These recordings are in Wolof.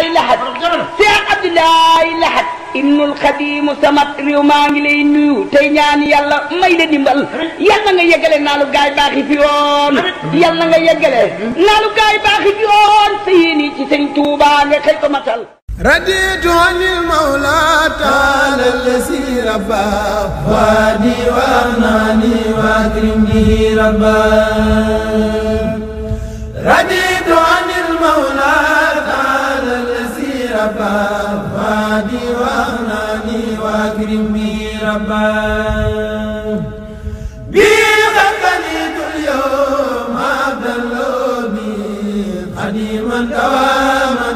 Abdoulaye Lahad Cheikh Abdoulaye Lahad Ibnul la dimbal yal na nga yeggale naalu gaay baax yi fi woon yal na nga yeggale naalu gaay baax yi fi woon sa yéen yi ci sëñ Tuuba nga xëy ko matal رضيت عن المولى تعالى الذي أكرمي رباه بخلقني كل يوم عبد اللومي قديما دواما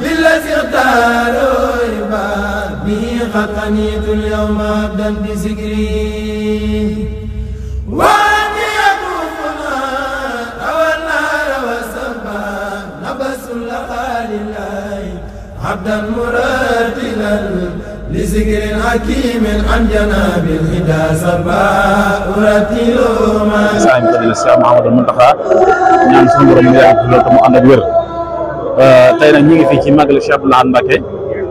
بالذي اختاره عباد به خلقني كل يوم عبدا بذكري وأني أطوفنا روى النار وسبا نبس لخال الله عبدا مرتلا بذكر حكيم عن جناب الهدى سربا أرتل ما سعيد قدير الشيخ محمد mu yàgg loolu ak euh, ci Magal Cheikh Abdou Lahad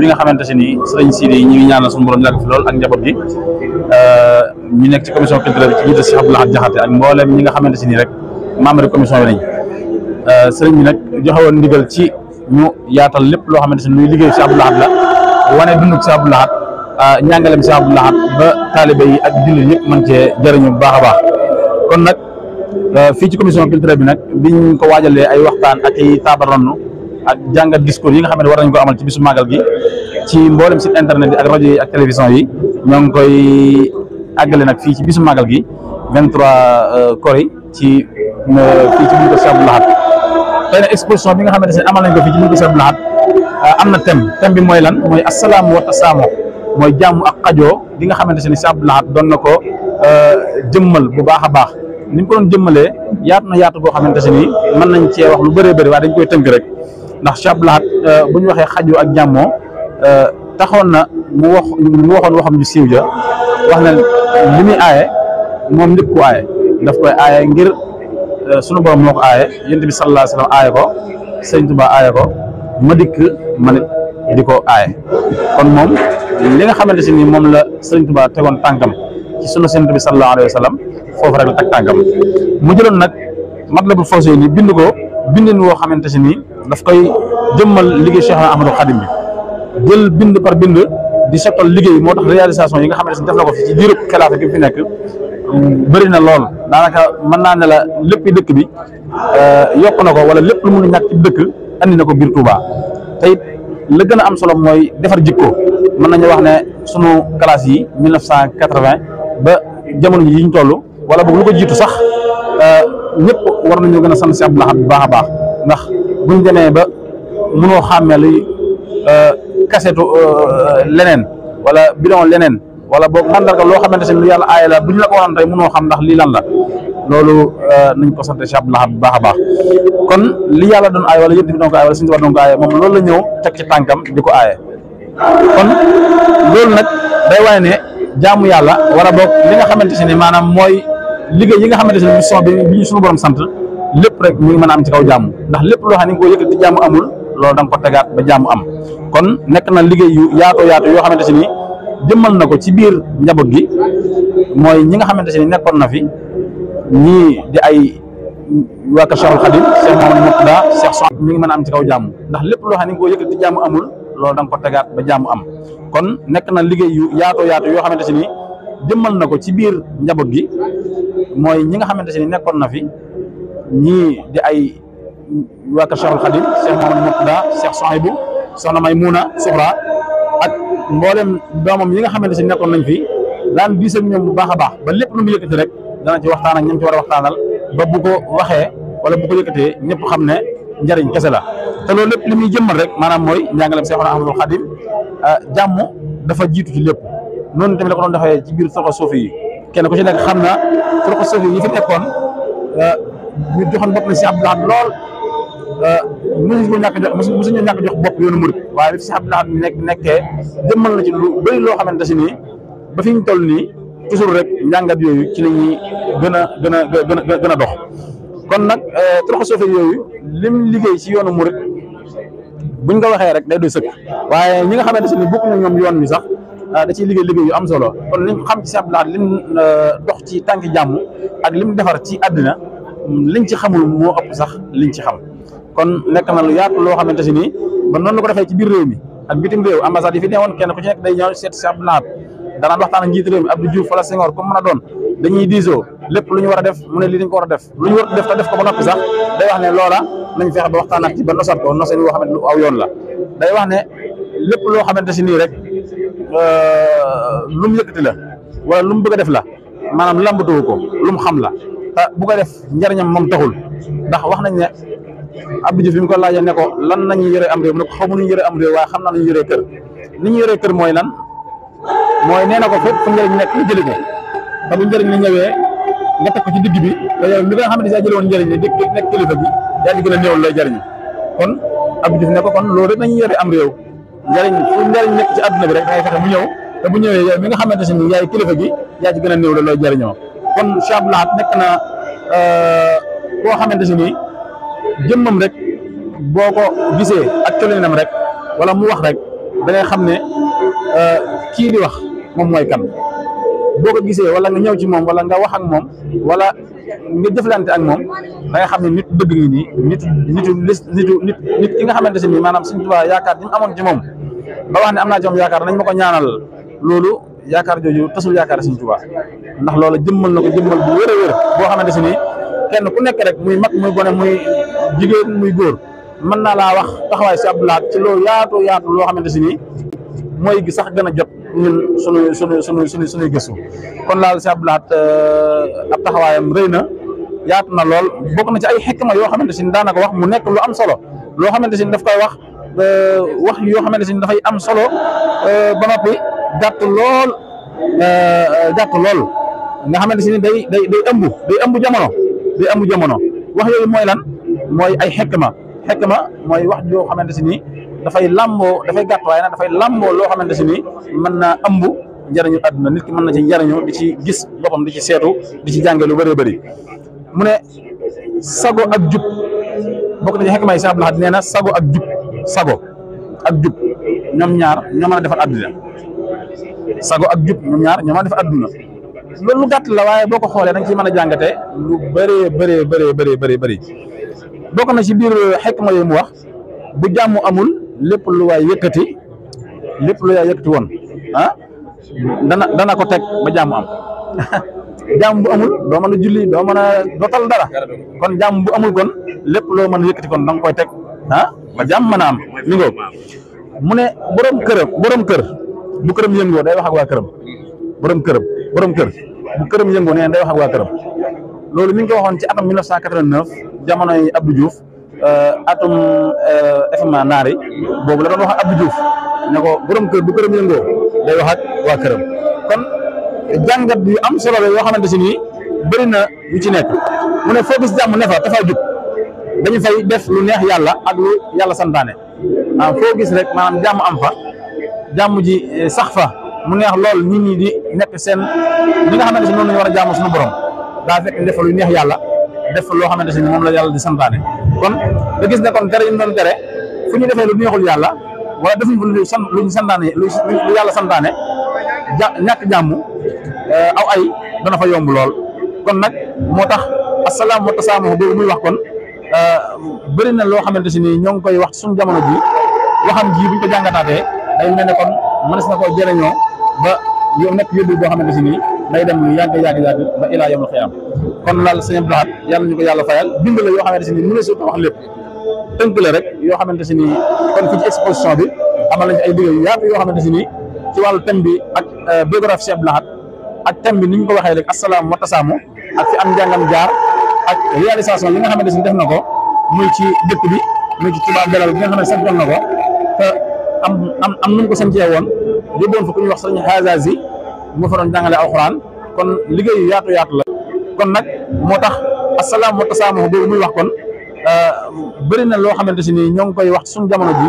bi nga xamante si ni sëriñ Sidi ñu ngi ñaanal suñu lool ak njaboot gi euh, ñu nekk ci commission culturelle bi ci jiite Cheikh Abdou Lahad Jaxate nga xamante si ni rek membre bi lañ euh, sëriñ bi nag joxe woon ndigal ci ñu yaatal lépp loo xamante si ni luy liggéey Cheikh Abdou Lahad la wane dundug Sëñ Abdou Lahad ñàngalem ah, Sëñ Abdou Lahad ba taalibe yi ak jullit yëpp mën cee jëriñu bu baax a baax kon nag ah, fii ci commission culturelle bi nag biñ ko waajalee ay waxtaan ak ay ak jàngat discours yi nga xam ne war nañ ko amal ci bisu màggal gi ci mboolem site internet yi ak rajo yi ak télévision yi ñoo ngi koy àggale nag fii ci bisu màggal gi 23 ah, Kori ci fii ci buñ ko Sëñ Abdou Lahad tey nag exposition bi nga xamante ne amal nañ ko fii ci buñ ko Sëñ Abdou Lahad am na thème thème bi mooy lan mooy assalaamu wa tasaamoo mooy jàmm ak xajoo di nga xamante ne si Abdou Lahad doon na ko euh, jëmmal bu baax a baax ni mu ko doon jëmmalee yaat na yaatu goo xamante ne nii mën nañ cee wax lu bare bëri waaye dañ koy tënk rek ndax si Abdou Lahad euh, bu ñu waxee xajoo ak jàmmoo euh, taxoon na mu wax mu waxoon waxam ju siiw ja wax na li muy aaye moom ñëpp ku aaye koy aaye ngir sunu borom moo ko aaye yonent bi sallallahu alayhi wa aaye Sëñ Tuubaa aaye ko. ma dikk ma nit di ko aaye kon moom li nga xamante si nii moom la Sëriñ Tuubaa tegoon tànkam ci sunu Yonent bi sallallahu alayhi wa sallam foofu rek la teg tànkam mu jëloon nag Matlabul Fawzayni bind ko bindin woo xamante si nii daf koy jëmmal liggéey Cheikh Ahmadou Khadim bi jël bind par bind di seqal liggéey moo tax réalisation yi nga xamante si def la ko fi ci diirub xilaafa fi nekk bëri na lool daanaka mën naa ne la lépp dëkk bi euh, yokk na ko wala lépp lu mun a ñàkk dëkk andi na ko biir Touba te it la gën a am solo mooy defar jikko mën nañu wax ne sunu classe yi mille neuf cent ba jamono yi ñu toll wala boog lu ko jiitu sax euh, ñëpp war nañu gën a sant si Abdou Lahad bu baax a baax ndax buñ demee ba mënoo xàmmee luy euh, kasetu euh, leneen wala bidon leneen wala boog mandarga loo xamante ne lu yàlla aaye la bu ñu la ko waxoon tey mënoo xam ndax lii lan la loolu euh, nañ ko sante Cheikh Abdou bu baax a baax kon li yàlla doon aaye wala yëpp doon ko aaye wala doon ko aaye moom loolu la ñëw teg ci tànkam di ko aaye kon nag day ne jaamu yàlla war a bokk li nga xamante si ne maanaam mooy liggéey yi nga xamante si ne mission sant lépp rek muy mën a ci kaw jaamu ndax lépp loo xam ko yëkkati jaamu amul loolu da ko tegaat ba jaamu am kon nekk na liggéey yu yaatoo yoo xamante si jëmmal na ko ci biir njaboot gi mooy ñi nga xamante si ni nekkoon na fi ñii di ay waa Kër Cheikhul Khadim Cheikh mi ngi mën a am ci kaw jàmm ndax lépp loo xam ne boo yëkkati jàmm amul loolu da nga ko tegaat ba am kon nekk na liggéey yu yaatoo yaatoo yoo xamante si ni jëmmal na ko ci biir njaboot gi mooy ñi nga xamante ni nekkoon na fi ñii di ay waa Kër Cheikhul Khadim Cheikh Mouhamadou Mourtada Cheikh Souhaibou soxna may muuna Suxra ak mboolem doomam yi nga xamante si nekkoon nañ fi daan diis ak ñoom bu baax a baax ba lépp lu mu dana ci waxtaan ak ñi ci war a waxtaanal ba bu ko waxee wala bu ko yëkkatee ñëpp xam ne njariñ kese la te loolu lépp li muy jëmmal rek maanaam mooy njàngaleem Seexuna Ahmadul Xadim ah, jàmm dafa jiitu ci lépp noonu tamit la ko doon ci biir turqa suufi yi kenn ku ci nekk xam na turqa suufi yi fi nekkoon ah, ñu joxoon bopp si Abdul Ahad lool ah, mësuñu ko ñàkk jox mësuñu ñàkk jox bopp yoonu murit waaye li si Abdul Ahad nekk nekkee jëmmal na ci lu bëri loo xamante si nii ba fi toll nii toujours rek njàngat yooyu ci la ñuy gën a gën a gën a dox kon nag euh, trop soofe yooyu lim liggéey ci yoonu murit buñ nga waxee rek day doy sëkk waaye ñi nga xamante si ni bokk na ñoom yoon mi sax euh, da ciy liggéey liggéey yu am solo kon liñ xam ci Sëñ Abdou Lahad lim euh, dox ci tànki jàmm ak lim defar ci àddina liñ ci xamul moo ëpp sax liñ ci xam kon nekk na lu yaatu loo xamante si ni ba noonu la ko defee ci biir réew mi ak bitim réew ambassade danaan waxtaan a njiit réew mi Abdou Diouf wala Senghor a doon dañuy diisoo lépp lu ñu war a def mu ne lii dañ ko war def lu ñu war a def ko ba noppi sax day wax ne loola nañ fexe ba waxtaanaat ci ba nosat ko nosen woo xamante lu aw yoon la day wax ne lépp loo xamante si nii rek euh, lu la wala lu mu bëgg a def la maanaam lambatuwu ko lu mu xam la te bu ko def njariñam moom taxul ndax wax nañ ne Abdou Diouf bi mu ko laaja ne ko lan nañu yore am réew mu ne ko xamuñu yore am réew waaye xam naa nañu yore kër ni ñu yore kër mooy lan mooy nee na ko fépp fu njëriñ nekk ñu jëli ko te bu njëriñ la ñëwee nga teg ci digg bi li nga xam ne saa jëlee woon njëriñ li kilifa bi yaa ngi gën a néew lay kon Abdou Diouf ne ko kon loolu rek nañu yore am réew njëriñ fu njëriñ nekk ci àdduna bi rek ngay fexe mu ñëw te bu ñëwee xamante ne yaay kilifa gi yaa ci gën a néew la looy jëriñoo kon Cheikh Abdou Lahad nekk na euh, koo xamante ne nii jëmmam rek boo ko gisee ak colinam rek wala mu wax rek da ngay xam ne euh, kii di wax moom mooy kan boo ko gisee wala nga ñëw ci moom wala nga wax ak moom wala nga jëflante ak moom da nga xam ne nit dëgg ngi nii nit nitu nitu nit ki nga xamante ne nii maanaam Sëriñ Tuubaa yaakaar bi amoon ci moom ba wax ne am naa ci moom yaakaar nañ ma ko ñaanal loolu yaakaar jooju tasul yaakaar Sëriñ Tuubaa ndax loolu jëmmal na ko jëmmal bu wér a wér boo xamante ne nii kenn ku nekk rek muy mag muy gone muy jigéen muy góor mën naa laa wax taxawaay si Abdou laat ci loolu yaatu yaatu loo xamante si nii mooy gi sax gën a jot. ñun suñu suñu suñu suñu suñuy gëstu kon laal si Abdou Lahat euh, ab taxawaayam rëy na yaatu na lool bokk na ci ay xikma yoo xamante si daanaka wax mu nekk loo am solo loo xamante si daf koy wax euh, wax yoo xamante si dafay am solo euh, ba noppi gàtt lool gàtt lool nga xamante si ni day day jamono day ëmb jamono wax yooyu mooy lan mooy ay xikma xikma mooy wax yoo xamante si ni dafay làmboo dafay gàtt waaye nag dafay làmboo loo xamante si ni mën naa ëmb njariñu àdduna nit ki mën na ci njëriñu di ci gis boppam di ci seetu di ci jànge lu bëree bëri mu ne sago ak jub bokk na na sago ak sago ak jub ñoom ñaar ñoo mën a defar àdduna sago ak jub ñoom ñaar ñoo mën a defar àdduna loolu lu gàtt la waaye boo ko xoolee da ci ciy mën a jàngate lu bare bëree bëree bëree bëri bokk na ci biir xekk ma yooyu mu wax bu jàmm amul lépp lu waay yëkkati lépp lu waay woon ah dana dana ko teg ba jàmm am jàmm bu amul doo mën a julli doo mën a dotal dara kon jàmm bu amul kon lépp loo mën a kon da nga koy teg ah ba jàmm mën a am mi ngoog mu kër borom këram borom kër bu këram yëngoo day wax ak waa këram borom këram borom kër bu këram yëngoo nee day wax ak waa këram loolu mi ngi ko waxoon ci atam 1989 jamonoy Abdou Diouf. Euh, atum euh, FMA naar yi boobu la doon wax Abdou Diouf ne ko borom kër bu këram yëngoo day wax ak waa këram kon jàngat yu am solo la yoo xamante si nii bëri na yu ci nekk mu ne foo gis jàmm ne fa dafa jub dañu fay def lu neex yàlla ak lu yàlla santaane ah foo gis rek maanaam jàmm am fa jàmm ji eh, sax fa mu neex lool nit ñi di nekk seen li nga xamante si noonu ñu war a jàmm suñu borom daa fekk def lu neex yàlla def loo xamante si moom la yàlla di santaane. kon da gis ne kon tere yi mu doon tere fu ñu defee lu neexul yàlla wala defuñ fa lu san lu ñu santaane lu yàlla santaane ja ñàkk jàmm eh, aw ay dana fa yomb lool kon nag moo tax asalaam wa tasaamahu boobu muy wax kon eh, bëri na loo xamante si nii ñoo ngi koy wax suñu jamono ji waxam ji buñ ko jàngataatee day mel ne kon mënees na koo jëriñoo ba yow nekk yóbbu boo xamante si nii day dem lu yàgg yàgg yàgg ba ilaa yomul xiyaam kon laal sëñ Abdou Lahad yàlla ñu ko yàlla fayal dimbal la yoo xamante si ni mu ne su wax lépp tënk la rek yoo xamante si ni kon fii bi amal nañ ay liggéey yu yoo xamante si nii ci wàllu thème bi ak euh, biographie sëñ Abdou Lahad ak thème bi ni ñu ko waxee rek asalaam wa tasaamu ak fi am njàngam jaar ak réalisation yi nga xamante si def na ko muy ci dëkk bi muy ci Touba Belal bi nga xam ne santoon na ko te am am nu mu ko santee woon yóbboon bu ma fa doon jàngale kon liggéey yaatu yaatu la kon nag moo tax asalaam wa tasaamahu boobu muy wax kon euh, bëri na loo xamante si nii ñoo ngi koy wax suñu jamono ji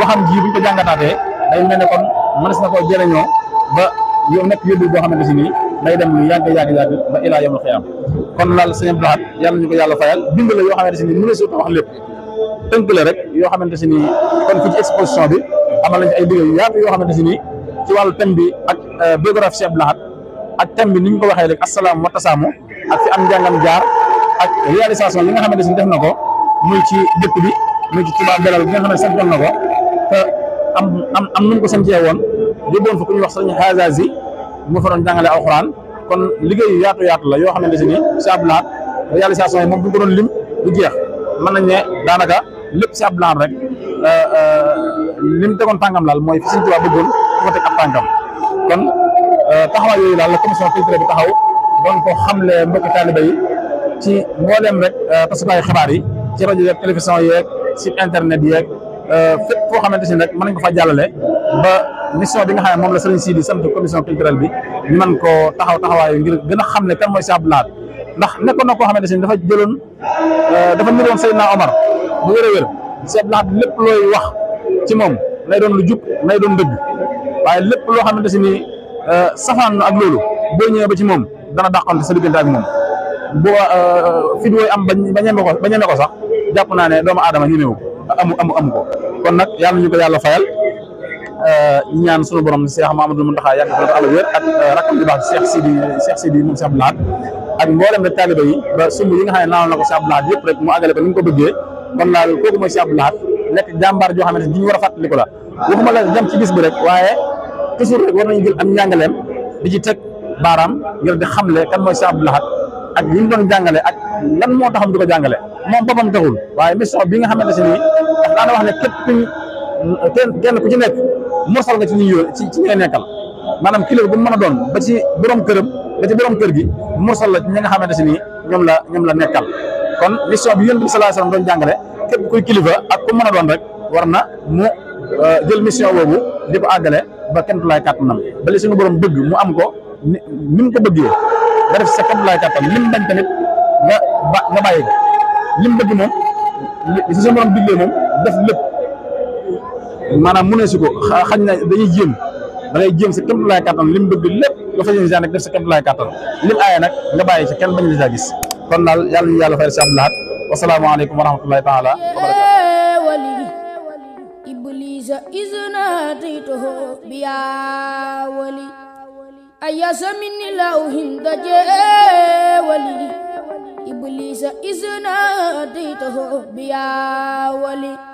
waxam ji buñ ko jàngataatee day mel ne kon mënees na koo jëriñoo ba yow nekk yóbbu boo xamante si nii day dem lu yàgg yàgg yàgg ba ilaa yawmal qiyaam kon laal sëñ Abdou Lahad yàlla ñu ko yàlla fayal bind la yoo xamante si nii mu ne suuta wax lépp tënk la rek yoo xamante si nii kon bi amal nañ ay liggéey yu yaatu yoo xamante si nii ci wàllu thème bi Euh, biographie Cheikh Abdou Lahad ak thème bi ni ñu ko waxee rek asalaam wa tasaamu ak fi am njàngam jaar ak réalisation yi nga xamante ne def na ko muy ci dëkk bi muy ci Touba Belal bi nga xam na ko te am am ko santee woon yóbboon fa ku ñuy wax sëriñ Hazazi jàngalee alxuraan kon liggéey yu yaatu la yoo xamante ne Cheikh Abdou Lahad réalisation yi moom bu ñu ko doon lim du jeex mën nañ ne daanaka lépp si Abdou Lahad rek euh, euh, lim tegoon tàngam laal mooy fi Sëriñ Tuubaa bëggoon fu teg ab tàngam kon euh, taxawaay yooyu daal la commission culture bi taxaw doon ko xamle mbokki taaliba yi ci mbooleem rek euh, tasukaayu xibaar yi ci rajo yeeg télévision yeeg site internet yeeg euh, fépp foo xamante si rek mën ko fa jàllale ba mission bi nga xam ne moom la sëriñ Sidi sant commission culturelle bi ñu mën koo taxaw taxawaayu ngir gën a xam ne kan mooy Cheikh Abdou Lahad ndax nekkoon na ko xam si dafa jëloon dafa niroon Seydina Omar bu wér a wér Cheikh Abdou Lahad lépp looy wax ci moom nay doon lu jub nay doon dëgg waaye lépp loo xamante si ni euh, safaan na ak loolu boo ñëwee ba ci moom dana dàqante sa diggante ak moom bu euh, fit wooy am ba ñeme ko ba ñeme ko sax jàpp naa ne doomu ñu new amu amu amu ko kon nag yàlla ñu ko yàlla fayal euh, ñaan sunu borom Cheikh Mamadou Mountakha yàgg ko àll wér ak rakkam di baax Cheikh Sidi Cheikh Sidi moom Cheikh Abdou Lahad ak mboolem rek taaliba yi ba sumb yi nga xam ne naanoon na ko Cheikh Abdou Lahad yëpp rek mu àggale ko ni mu ko bëggee kon daal kooku mooy Cheikh Abdou Lahad nekk jàmbaar joo xamante ni ñu war a fàttaliku la waxuma la jam ci bis bi rek waaye toujours rek war nañu jël am njàngaleem di ci teg baaraam ngir di xamle kan mooy Cheikh Abdou Lahad ak li doon jàngale ak lan moo taxam di ko jàngale moom boppam taxul waaye mission bi nga xamante si nii daf ne ñu yóor ci ci ñi maanaam kilifa bu mën a doon ba ci borom këram ba ci borom kër gi la ñi nga xamante si nii ñoom la ñoom la nekkal kon mission bi yonent bi sallallahu alayhi wasallam doon jàngale képp kuy kilifa ak ku mën a doon rek war na mu Euh, jël mission boobu di ko àggale ba kenn tulaay kàttanam ba li suñu borom bëgg mu am ko ni ni mu ko bëggee nga def sa kenn tulaay kàttan lim bañ tamit nga ba nga bàyyi ko lim bëgg moom li si suñu borom diglee moom def lépp maanaam mu ne si ko xañ na dañuy jéem da ngay jéem sa kenn tulaay kàttan lim bëgg lépp nga fas yéene nag def sa kenn tulaay kàttan lim aaye nag nga bàyyi si kenn bañ la gis kon daal yàlla ñu yàlla fayal si Abdou Lahad wasalaamaaleykum wa rahmatullahi taala wa barakatu إذ ناديته بيا ولي أياس من الله دجا ولي إبليس إذ ناديته بيا ولي